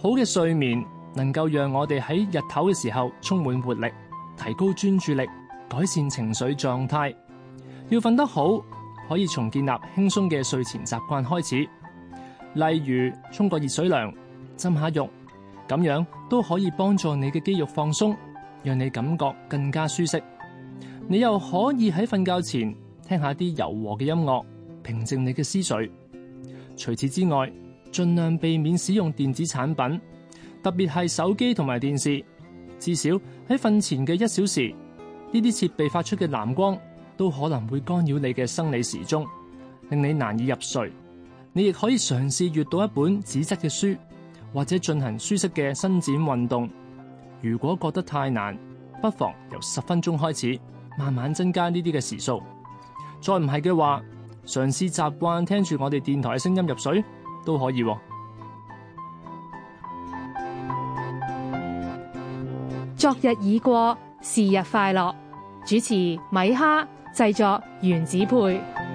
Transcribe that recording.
好嘅睡眠能夠讓我哋喺日頭嘅時候充滿活力，提高專注力，改善情緒狀態。要瞓得好，可以從建立輕鬆嘅睡前習慣開始，例如沖個熱水涼、浸下浴，咁樣都可以幫助你嘅肌肉放鬆，讓你感覺更加舒適。你又可以喺瞓覺前聽下啲柔和嘅音樂，平靜你嘅思緒。除此之外，盡量避免使用電子產品，特別係手機同埋電視。至少喺瞓前嘅一小時，呢啲設備發出嘅藍光都可能會干擾你嘅生理時鐘，令你難以入睡。你亦可以嘗試閱讀一本紙質嘅書，或者進行舒適嘅伸展運動。如果覺得太難，不妨由十分鐘開始，慢慢增加呢啲嘅時數。再唔係嘅話，嘗試習慣聽住我哋電台嘅聲音入睡。都可以喎。昨日已過，是日快樂。主持米哈，製作原子配。